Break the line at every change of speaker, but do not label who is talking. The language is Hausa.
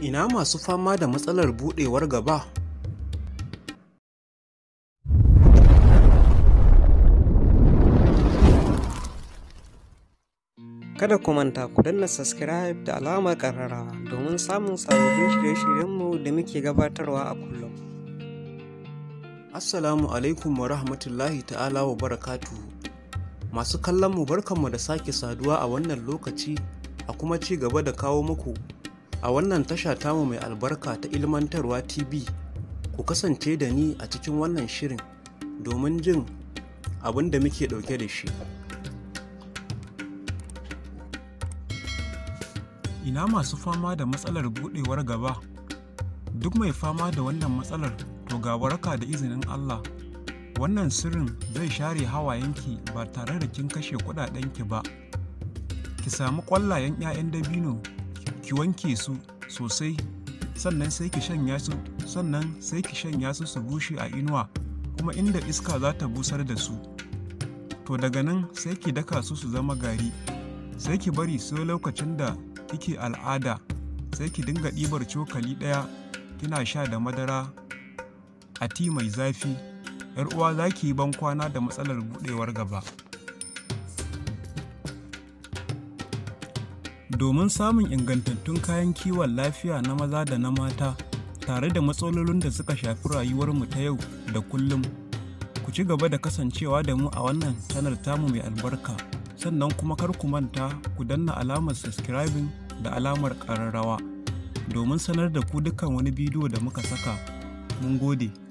ina masu fama da matsalar buɗewar gaba
kada ku manta ku danna subscribe da alamar karara domin samun sababbin shirye-shiryenmu da muke gabatarwa a kullum assalamu alaikum wa rahmatullahi ta'ala wa barakatu.
masu kallon mu barkanmu da sake saduwa a wannan lokaci a kuma ci gaba da kawo muku a wannan tasha tamu mai albarka ta ilmantarwa tv ku kasance da ni a cikin wannan shirin domin jin abin da muke ɗauke da shi ina masu fama da matsalar buɗewar gaba duk mai fama da wannan matsalar to ga waraka da izinin allah wannan sirrin zai share hawayenki ba tare da kin kashe kuɗaɗenki ba ki samu ƙwallayen 'ya'yan dabino ki wanke su sosai sannan sai ki shanya su sannan sai ki shanya su su bushe a inuwa kuma inda iska za ta busar da su to daga nan sai ki daka su su zama gari sai ki bari sai lokacin da kike al'ada sai ki dinga ɗibar cokali ɗaya kina sha da madara a ti mai zafi 'yar uwa za ki yi ban kwana da matsalar buɗewar gaba domin samun ingantattun kayan kiwon lafiya na maza da na mata tare da matsalolin da suka shafi rayuwar mu ta yau da kullum. Ku ci gaba da kasancewa da mu a wannan sanar tamu mai albarka, sannan kuma kar ku manta ku danna alamar subscribing da alamar ƙararrawa domin sanar da ku dukkan wani bidiyo da muka saka. Mun gode.